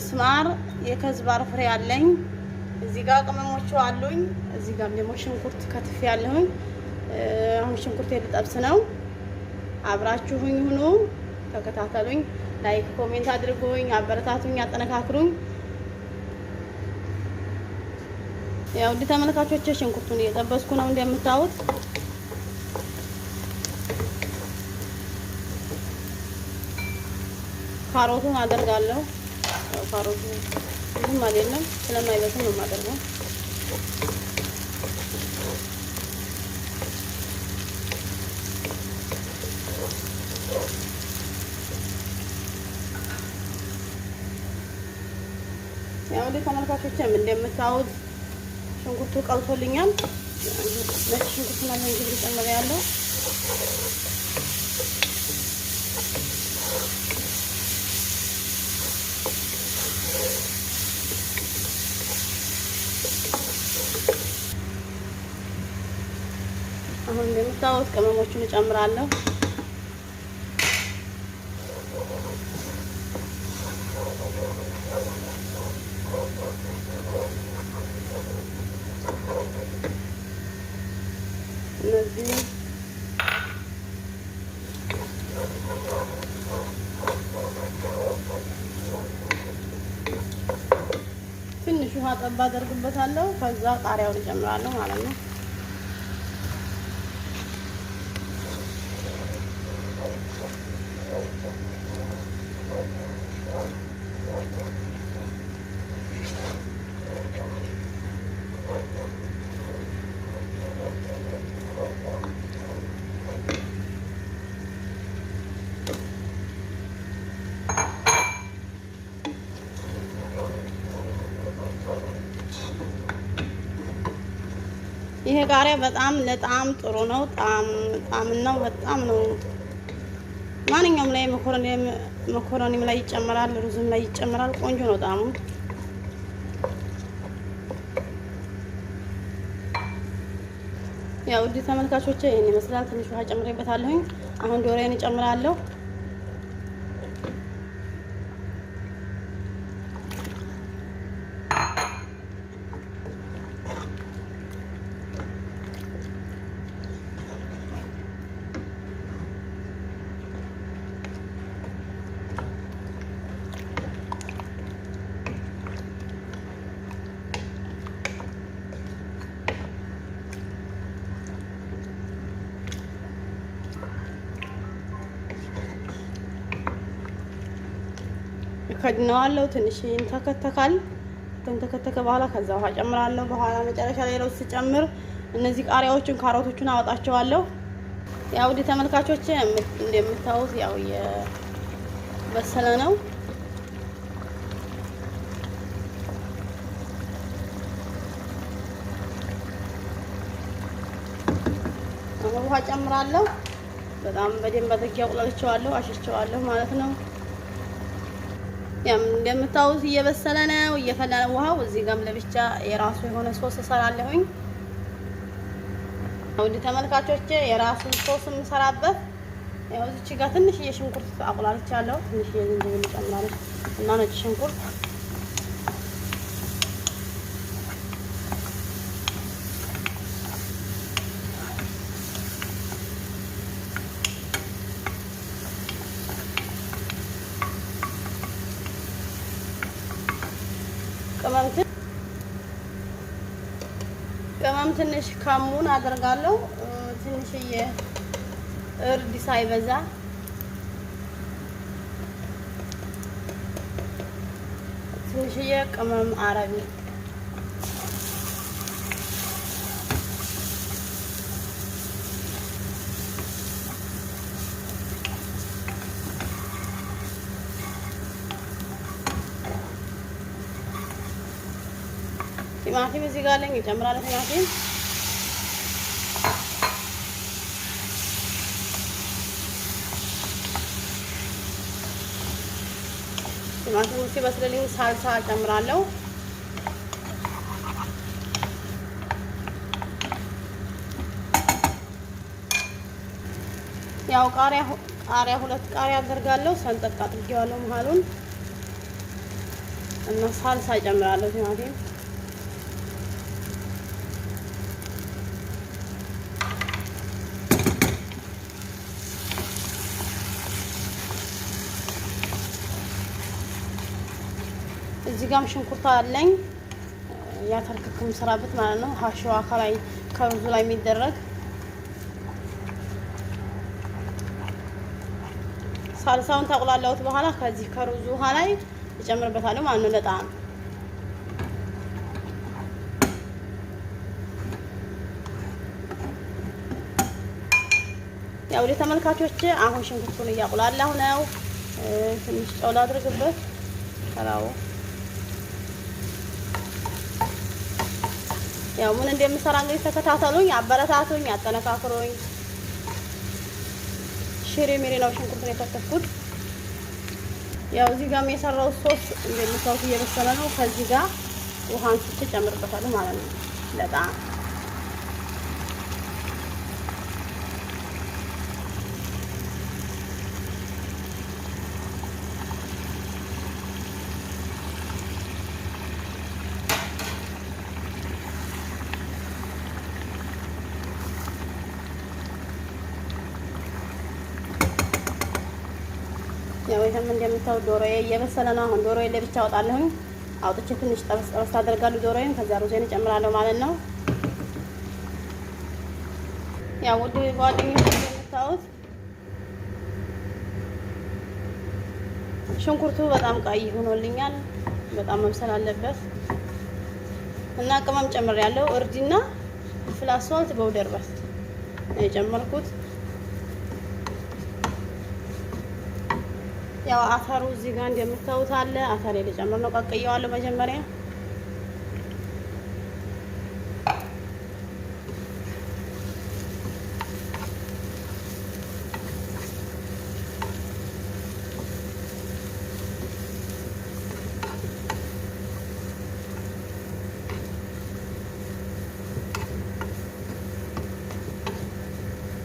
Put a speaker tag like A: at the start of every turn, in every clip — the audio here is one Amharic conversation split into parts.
A: ምስማር የከዝባር ፍሬ አለኝ። እዚህ ጋር ቅመሞቹ አሉኝ። እዚህ ጋር ደግሞ ሽንኩርት ከትፍ ያለሁኝ። አሁን ሽንኩርት ልጠብስ ነው። አብራችሁኝ ሁኑ፣ ተከታተሉኝ። ላይክ ኮሜንት አድርጉኝ፣ አበረታቱኝ፣ አጠነካክሩኝ። ያው እንደ ተመልካቾቼ ሽንኩርቱን እየጠበስኩ ነው እንደምታዩት። ካሮቱን አደርጋለሁ ነው። ካሮቱ ብዙም ማለት ነው ስለማይበስል ነው የማደርገው። ያው እንደ ተመልካቾችም እንደምታዩት ሽንኩርቱ ቀልቶልኛል። ነጭ ሽንኩርትና ዝንጅብል ጨምሬያለሁ። አሁን እንደምታወት ቅመሞቹን እጨምራለሁ። እነዚህ ትንሽ ውሃ ጠብ አደርግበታለሁ። ከዛ ቃሪያውን እጨምራለሁ ማለት ነው። ይሄ ቃሪያ በጣም ለጣም ጥሩ ነው። ጣም ጣም ነው በጣም ነው። ማንኛውም ላይ መኮረኒም ላይ ይጨመራል፣ ሩዝም ላይ ይጨመራል። ቆንጆ ነው ጣሙ። ያው ውድ ተመልካቾቼ ይሄን ይመስላል። ትንሽ ውሃ ጨምሬበታለሁኝ። አሁን ዶሮዬን እጨምራለሁ። እከድነዋለሁ። ትንሽ ይንተከተካል። ከተንተከተከ በኋላ ከዛ ውሃ ጨምራለሁ። በኋላ መጨረሻ ላይ ለውዝ ስጨምር እነዚህ ቃሪያዎችን ካሮቶቹን አወጣቸዋለሁ። ያው ውድ ተመልካቾች እንደምታዩት ያው የበሰለ ነው። ውሃ ጨምራለሁ። በጣም በደንብ አድርጌ አቁላልቸዋለሁ፣ አሸቸዋለሁ ማለት ነው። ያም እንደምታውቁት እየበሰለ ነው፣ እየፈላ ነው ውሃው። እዚህ ጋም ለብቻ የራሱ የሆነ ሶስ እሰራለሁኝ። ውድ ተመልካቾቼ የራሱ ሶስ የምሰራበት ያው እዚህ ጋር ትንሽ የሽንኩርት አቁላልቻለሁ። ትንሽ የዝንጅብል ጨምራለሁ እና ነጭ ሽንኩርት በጣም ትንሽ ካሙን አደርጋለሁ። ትንሽዬ እርድ ሳይበዛ ትንሽዬ ቅመም አረቢ ቲማቲም እዚህ ጋር አለኝ ቲማቲም ቲማቲሙ ሲበስልልኝ ሳልሳ ጨምራለሁ። ያው ቃሪያ ቃሪያ ሁለት ቃሪያ አደርጋለሁ። ሰንጠቅ አድርጌዋለሁ መሀሉን እና ሳልሳ ጨምራለሁ ቲማቲም እዚህ ጋም ሽንኩርት አለኝ ያተርክክም ስራበት ማለት ነው። ሀሸዋ ከላይ ከሩዙ ላይ የሚደረግ ሳልሳውን ተቁላለሁት በኋላ ከዚህ ከሩዙ ውሃ ላይ እጨምርበታለሁ ማለት ነው። ለጣም ያው ለተመልካቾች አሁን ሽንኩርቱን እያቁላላሁ ነው። ትንሽ ጨው ላድርግበት ከላው ያው ምን እንደምሰራ እንግዲህ ተከታተሉኝ፣ አበረታቱኝ፣ አጠነካክሮኝ። ሽሪ ሚሪ ነው ሽንኩርቱን የከተፍኩት። ያው እዚህ ጋር የሰራው ሶስ እንደምታውቁ እየበሰለ ነው። ከዚህ ጋር ውሃን ስጭ ጨምርበታለሁ ማለት ነው ለጣም ያው ይሄም እንደምታዩት ዶሮ እየበሰለ ነው። አሁን ዶሮ ለብቻ አወጣለሁኝ። አውጥቼ ትንሽ ጠበስ ጠበስ አደርጋለሁ ዶሮዬን። ከዛ ሩዜን እጨምራለሁ ማለት ነው። ያው ውድ ጓደኞች እንደምታዩት ሽንኩርቱ በጣም ቀይ ሆኖልኛል። በጣም መብሰል አለበት እና ቅመም ጨምሬያለሁ። እርድና ፍላስ ሳልት በውደርበት የጨመርኩት ያው አፈሩ እዚህ ጋር እንደምታዩት አለ። አተር ልጨምር ነው። ቀቅየዋለሁ መጀመሪያ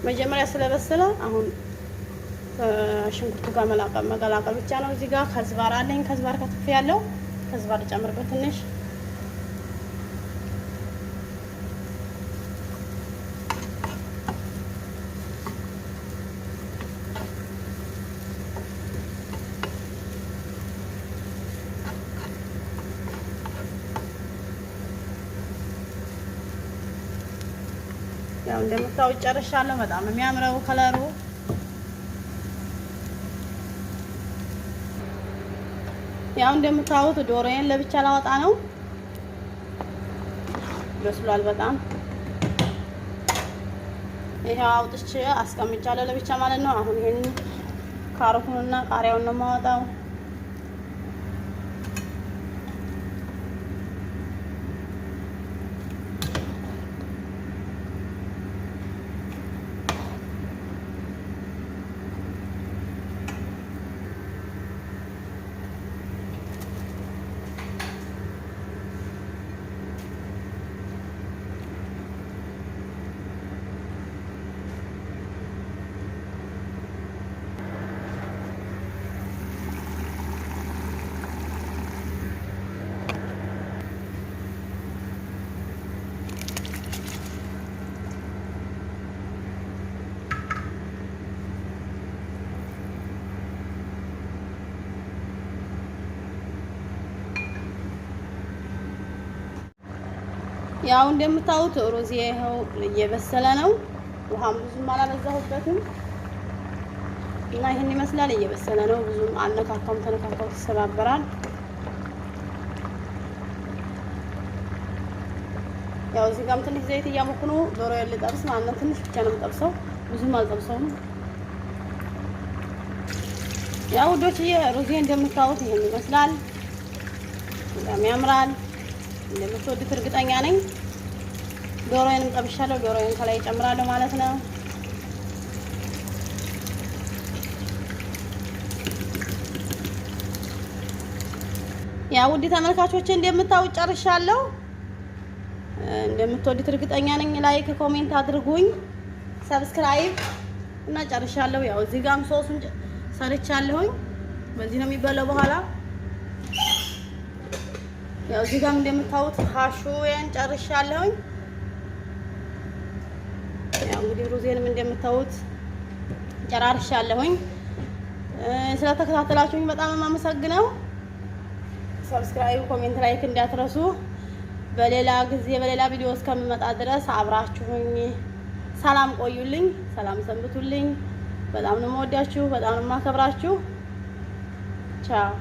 A: መጀመሪያ ስለበሰለ አሁን ከሽንኩርቱ ጋር መቀላቀል ብቻ ነው። እዚህ ጋር ከዝባር አለኝ። ከዝባር ከትፍ ያለው ከዝባር ጨምርበት ትንሽ ያው እንደምታውቁት ጨርሻለሁ። በጣም የሚያምረው ከለሩ ያው እንደምታዩት ዶሮዬን ለብቻ ላወጣ ነው። በስሏል በጣም ይሄው አውጥቼ አስቀምጫለሁ ለብቻ ማለት ነው። አሁን ይሄን ካሮቱንና ቃሪያውን ነው የማወጣው። ያው እንደምታዩት ሮዚ ይኸው እየበሰለ ነው። ውሃም ብዙም አላበዛሁበትም እና ይህን ይመስላል። እየበሰለ ነው። ብዙም አልነካካውም። ተነካካው ይሰባበራል። ያው እዚህ ጋርም ትንሽ ዘይት እያሞኩ ነው። ዶሮ ልጠብስ ማለት ነው። ትንሽ ብቻ ነው የምጠብሰው፣ ብዙም አልጠብሰውም። ያው ውዶችዬ ሮዜ እንደምታዩት ይሄን ይመስላል። በጣም ያምራል። እንደምትወዱት እርግጠኛ ነኝ። ዶሮዬንም ጠብሻለሁ። ዶሮዬን ከላይ ጨምራለሁ ማለት ነው። ያ ውድ ተመልካቾች እንደምታውቁ ጨርሻለሁ። እንደምትወዱት እርግጠኛ ነኝ። ላይክ ኮሜንት አድርጉኝ፣ ሰብስክራይብ እና ጨርሻለሁ። ያው እዚህ ጋርም ሶሱን ሰርቻለሁኝ። በዚህ ነው የሚበላው በኋላ ያው እዚህ ጋር እንደምታዩት ሀሹዬን ጨርሻለሁኝ። ያው እንግዲህ ሩዜንም እንደምታዩት ጨራርሻለሁኝ። ስለተከታተላችሁኝ በጣም የማመሰግነው። ሰብስክራይብ፣ ኮሜንት፣ ላይክ እንዳትረሱ። በሌላ ጊዜ በሌላ ቪዲዮ እስከምመጣ ድረስ አብራችሁኝ ሰላም ቆዩልኝ፣ ሰላም ሰንብቱልኝ። በጣም ነው የምወዳችሁ፣ በጣም ነው የማከብራችሁ። ቻው